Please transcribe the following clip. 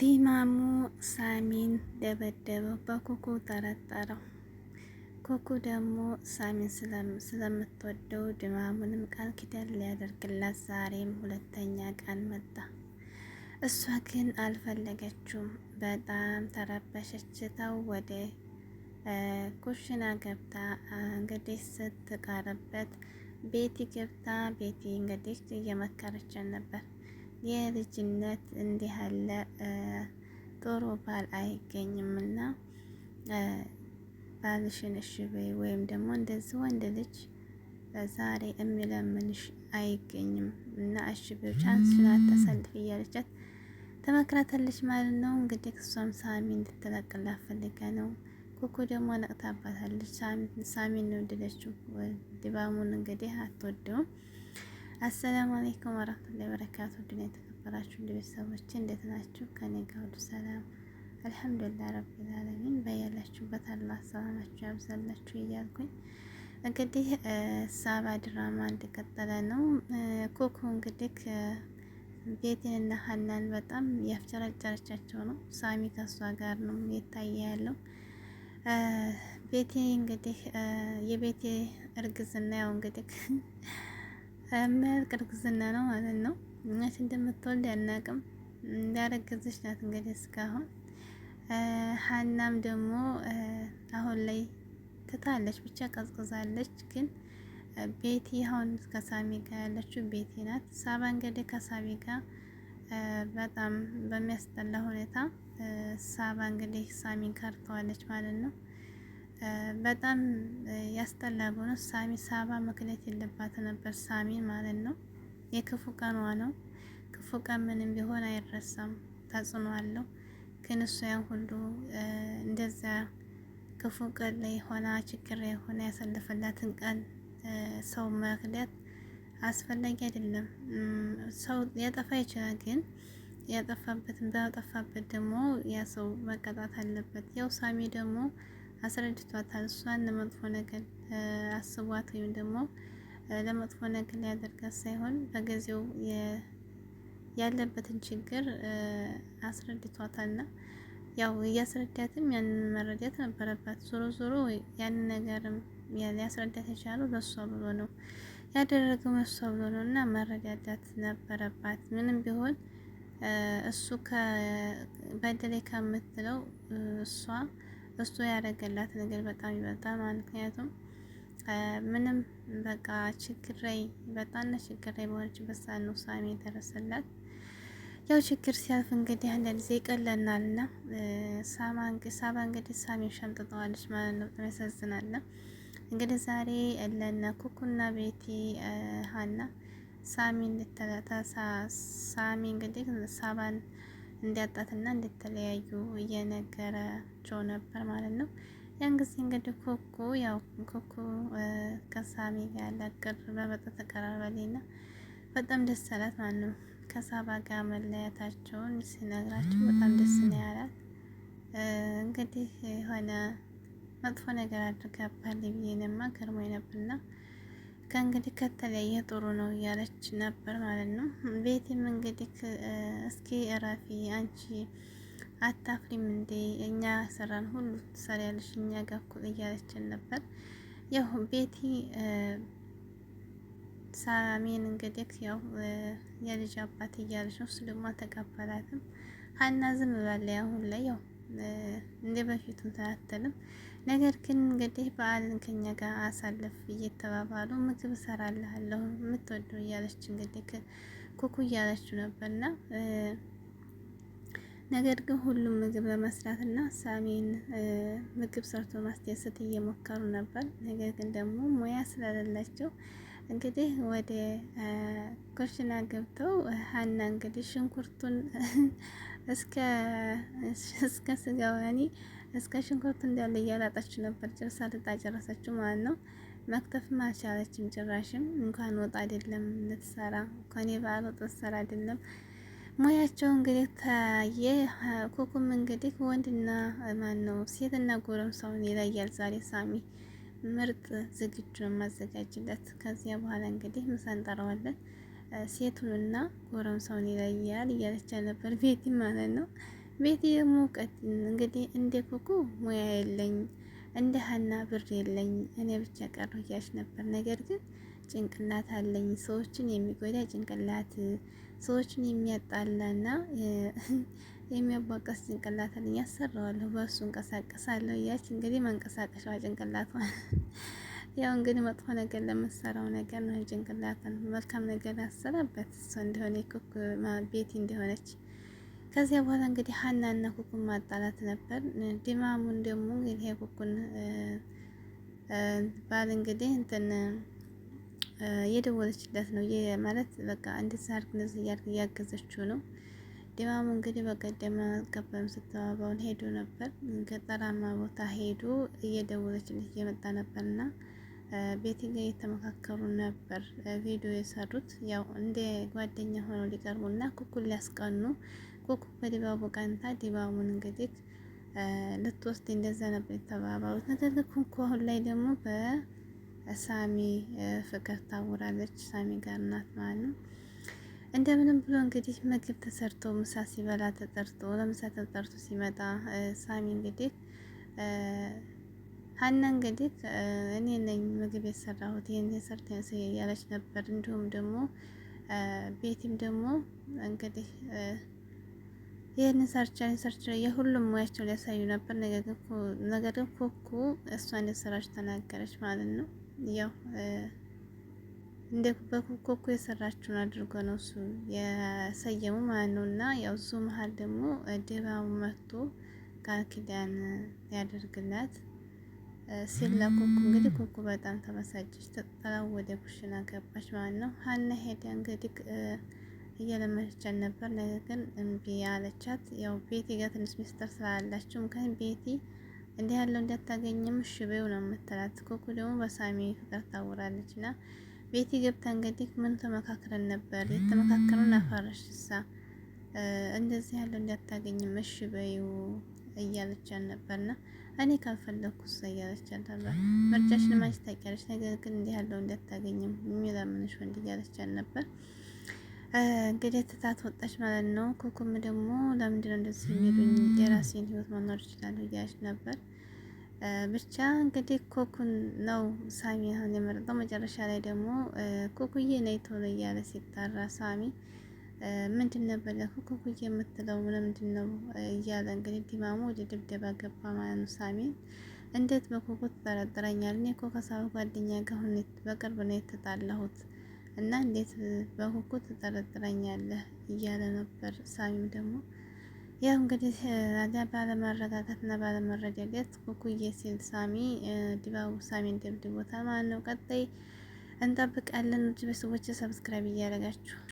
ዲማሙ ሳሚን ደበደበው። በኩኩ ጠረጠረው። ኩኩ ደግሞ ሳሚን ስለምትወደው ድማሙንም ቃል ኪዳን ሊያደርግላት ዛሬም ሁለተኛ ቀን መጣ። እሷ ግን አልፈለገችውም። በጣም ተረበሸች። ወደ ኩሽና ገብታ እንግዲህ ስትቀርበት ቤቲ ገብታ ቤቲ እንግዲህ እየመከረችን ነበር የልጅነት እንዲህ ያለ ጥሩ ባል አይገኝምና ባልሽን እሺ በይ ወይም ደግሞ እንደዚህ ወንድ ልጅ ዛሬ የሚለምንሽ አይገኝም እና እሺ በይ ቻንስሽን አታሳልፊ እያለቻት ተመክራታለች ማለት ነው። እንግዲህ እሷም ሳሚ እንድትለቅላት ፈልጋ ነው። ኩኩ ደግሞ ነቅታባታለች። ሳሚን ነው ወደደችው። ድባሙን እንግዲህ አትወደውም። አሰላሙ አለይኩም ወረህመቱላሂ ወበረካቱ ድና የተከበራችሁ እንደ ቤተሰቦቼ እንዴት ናችሁ? ከኔ ጋር ሁሉ ሰላም አልሐምዱሊላህ ረቢል ዓለሚን። በያላችሁበት አላህ ሰላማችሁ ያብዛላችሁ እያልኩኝ እንግዲህ ሳባ ድራማ እንደቀጠለ ነው። ኩኩ እንግዲህ ቤቴንና ሀናን በጣም ያፍጨረጨረቻቸው ነው። ሳሚ ከሷ ጋር ነው የታየ ያለው። ቤቴ እንግዲህ የቤቴ እርግዝና ያው እንግዲህ የሚያልቅ እርግዝና ነው ማለት ነው። እናት እንደምትወልድ አናቅም። እንዳረገዘች ናት እንግዲህ እስካሁን። ሀናም ደግሞ አሁን ላይ ትታለች፣ ብቻ ቀዝቅዛለች። ግን ቤቲ አሁን ከሳሚ ጋር ያለችው ቤቲ ናት። ሳባ እንግዲህ ከሳሚ ጋር በጣም በሚያስጠላ ሁኔታ ሳባ እንግዲህ ሳሚን ካርተዋለች ማለት ነው። በጣም ያስጠላ። በሆነው ሳሚ ሳባ መክንያት የለባት ነበር ሳሚን ማለት ነው። የክፉ ቀኗ ነው። ክፉ ቀን ምንም ቢሆን አይረሳም፣ ተጽዕኖ አለው። ግን እሱ ያን ሁሉ እንደዛ ክፉ ቀን ላይ የሆነ ችግር የሆነ ያሳለፈላትን ቀን ሰው መክዳት አስፈላጊ አይደለም። ሰው ሊያጠፋ ይችላል፣ ግን ያጠፋበትን ባጠፋበት ደግሞ ያ ሰው መቀጣት አለበት። ያው ሳሚ ደግሞ አስረድቷታል። እሷን ለመጥፎ ነገር አስቧት ወይም ደግሞ ለመጥፎ ነገር ሊያደርጋት ሳይሆን በጊዜው ያለበትን ችግር አስረድቷታልና ያው እያስረዳትም ያንን መረዳት ነበረባት። ዞሮ ዞሮ ያንን ነገርም ሊያስረዳት የቻለው ለእሷ ብሎ ነው ያደረገው እሷ ብሎ ነው እና መረዳዳት ነበረባት። ምንም ቢሆን እሱ በደላይ ከምትለው እሷ እሱ ያደረገላት ነገር በጣም ይበልጣል። ምክንያቱም ምንም በቃ ችግር ላይ በጣም ችግር ላይ በሆነችበት ሰዓት ነው ሳሚ የደረሰላት። ያው ችግር ሲያልፍ እንግዲህ አንዳንድ ጊዜ ይቀለናል እና ሳባ እንግዲህ ሳሚን ሸምጥጠዋለች ማለት ነው። በጣም ያሳዝናል። እንግዲህ ዛሬ ለነ ኩኩና ቤቲ ሀና ሳሚ እንድትለታ ሳሚ እንግዲህ ሳባን እንዲያጣትና እንድትለያዩ እየነገራቸው ነበር ማለት ነው። ያን ጊዜ እንግዲህ ኩኩ ያው ኩኩ ከሳሚ ጋር ያላቅር በመጣ ተቀራረበሌና በጣም ደስ አላት ማለት ነው። ከሳባ ጋር መለያታቸውን ሲነግራቸው በጣም ደስ ነው ያላት። እንግዲህ የሆነ መጥፎ ነገር አድርጋባል ብዬንማ ገርሞኝ ነበርና ከእንግዲህ ከተለያየ ጥሩ ነው እያለች ነበር ማለት ነው። ቤቲም እንግዲህ እስኪ እረፊ አንቺ አታፍሪም እንዴ እኛ ስራን ሁሉ ትሰሪያለሽ እኛ ጋር እኩል እያለችን ነበር። ያው ቤቲ ሳሚን እንግዲህ ያው የልጅ አባት እያለች ነው። እሱ ደግሞ አልተቀበላትም። ሀና ዝም ብላለች አሁን ላይ ያው እንደ በፊቱም ትናትልም ነገር ግን እንግዲህ በዓልን ከኛ ጋር አሳልፍ እየተባባሉ ምግብ እሰራልሃለሁ የምትወዱ እያለች እንግዲህ ኩኩ እያለችው ነበርና ነገር ግን ሁሉም ምግብ ለመስራት እና ሳሚን ምግብ ሰርቶ ማስደሰት እየሞከሩ ነበር። ነገር ግን ደግሞ ሙያ ስለሌላቸው እንግዲህ ወደ ኩሽና ገብተው ሀና እንግዲህ ሽንኩርቱን እስከ ስጋ ወያኔ እስከ ሽንኩርት እንዳለ እያላጣች ነበር። ጭርሳ ልጣ ጨረሰችው ማለት ነው። መክተፍም አልቻለችም። ጭራሽም እንኳን ወጥ አይደለም ልትሰራ እንኳን የበዓል ወጥ ልትሰራ አይደለም ሙያቸው እንግዲህ ታየ። ኩኩም እንግዲህ ወንድና ማን ነው ሴትና ጎረምሳውን ይለያል። ዛሬ ሳሚ ምርጥ ዝግጁ ማዘጋጅለት። ከዚያ በኋላ እንግዲህ ምሳ እንጠራዋለን። ሴቱንና ጎረምሳውን ይለያል እያለች ነበር ቤቲ ማለት ነው። ቤት የሙቀት እንግዲህ እንደ ኩኩ ሙያ የለኝ እንደ ሀና ብር የለኝ እኔ ብቻ ቀረሁ እያልሽ ነበር። ነገር ግን ጭንቅላት አለኝ። ሰዎችን የሚጎዳ ጭንቅላት፣ ሰዎችን የሚያጣላና የሚያቧቀስ ጭንቅላት አለኝ። ያሰራዋለሁ፣ በእሱ እንቀሳቀሳለሁ እያልሽ እንግዲህ መንቀሳቀሻዋ ጭንቅላት ያው እንግዲህ መጥፎ ነገር ለምትሰራው ነገር ነው ጭንቅላት፣ መልካም ነገር ያሰራበት እሱ እንደሆነ ቤቲ እንደሆነች ከዚያ በኋላ እንግዲህ ሀና እና ኩኩን ማጣላት ነበር። ዲማሙን ደግሞ ይሄ ኩኩን ባል እንግዲህ እንትን የደወለችለት ነው ማለት በቃ እንደዛ አድርግ እንደዛ እያልክ እያገዘችው ነው። ዲማሙ እንግዲህ በቀደም አልገባም ስተባባውን ሄዶ ነበር። ገጠራማ ቦታ ሄዶ እየደወለችለት እየመጣ ነበርና ቤት ጋር እየተመካከሩ ነበር ቪዲዮ የሰሩት ያው እንደ ጓደኛ ሆነው ሊቀርቡ ሊቀርቡና ኩኩን ሊያስቀኑ ኩኩ በዲባቡ ቀንታ ዲባቡን እንግዲህ ልትወስድ እንደዛ ነበር የተባባሉት። ነገር ግን ኩኩ አሁን ላይ ደግሞ በሳሚ ፍቅር ታውራለች። ሳሚ ጋር ናት ማለት ነው። እንደምንም ብሎ እንግዲህ ምግብ ተሰርቶ ምሳ ሲበላ ተጠርቶ ለምሳ ተጠርቶ ሲመጣ ሳሚ እንግዲህ ሀና እንግዲህ እኔ ነኝ ምግብ የሰራሁት ይህን የሰርተ ያለች ነበር። እንዲሁም ደግሞ ቤቲም ደግሞ እንግዲህ ይህን ሰርች ሰርች የሁሉም ሙያቸው ሊያሳዩ ነበር። ነገር ግን ኮኩ እሷ እንደሰራች ተናገረች ማለት ነው። ያው እንደ ኮኩ የሰራችውን አድርጎ ነው እሱ የሰየሙ ማለት ነው። እና ያው እሱ መሀል ደግሞ ድባቡ መጥቶ ቃል ኪዳን ያደርግላት ሲል ለኮኩ እንግዲህ ኮኩ በጣም ተበሳጨች። ተጠራ ወደ ኩሽና ገባች ማለት ነው። ሀና ሄዳ እንግዲህ እየለመነቻት ነበር። ነገር ግን እምቢ አለቻት። ያው ቤቲ ጋር ትንሽ ሚስጥር ስላላችሁ ምክንያቱም ቤቲ እንዲህ ያለው እንዳታገኝም እሺ በይው ነው የምትላት። ኩኩ ደግሞ በሳሚ ፍቅር ታውራለች እና ቤቲ ገብታ እንግዲህ ምን ተመካክረን ነበር የተመካከረውን አፋረሽ እንደዚህ ያለው እንዳታገኝም እሺ በይው እያለቻት ነበርና እኔ ካልፈለኩ እሷ እያለቻት ነበር። ምርጫሽን ማስታወቂያለች ነገር ግን እንዲህ ያለው እንዳታገኝም የሚለምንሽ ወንድ እያለቻት ነበር። እንግዲህ ትታት ወጣች ማለት ነው። ኩኩም ደግሞ ለምንድነው እንደዚህ የሚሉኝ የራሴን ህይወት መኖር እችላለሁ እያለች ነበር። ብቻ እንግዲህ ኩኩን ነው ሳሚ አሁን የመረጠው። መጨረሻ ላይ ደግሞ ኩኩዬ ነይ ቶሎ እያለ ሲጠራ ሳሚ ምንድን ነበር ያልኩት ኩኩዬ የምትለው ለምንድን ነው እያለ እንግዲህ ዲማሙ ወደ ድብደባ ገባ ማለት ነው። ሳሚን እንዴት በኩኩ ትጠረጥረኛል? እኔ እኮ ከሳሚ ጓደኛ ጋር በቅርብ ነው የተጣላሁት እና እንዴት በኩኩ ትጠረጥረኛለህ እያለ ነበር። ሳሚም ደግሞ ያው እንግዲህ ታዲያ ባለመረጋጋትና ባለመረጋጋት ኩኩዬ ሲል ሳሚ ድባቡ ሳሚን ደብድቦታል ማለት ነው። ቀጣይ እንጠብቃለን። ውድ ቤተሰቦች ሰብስክራይብ እያደረጋችሁ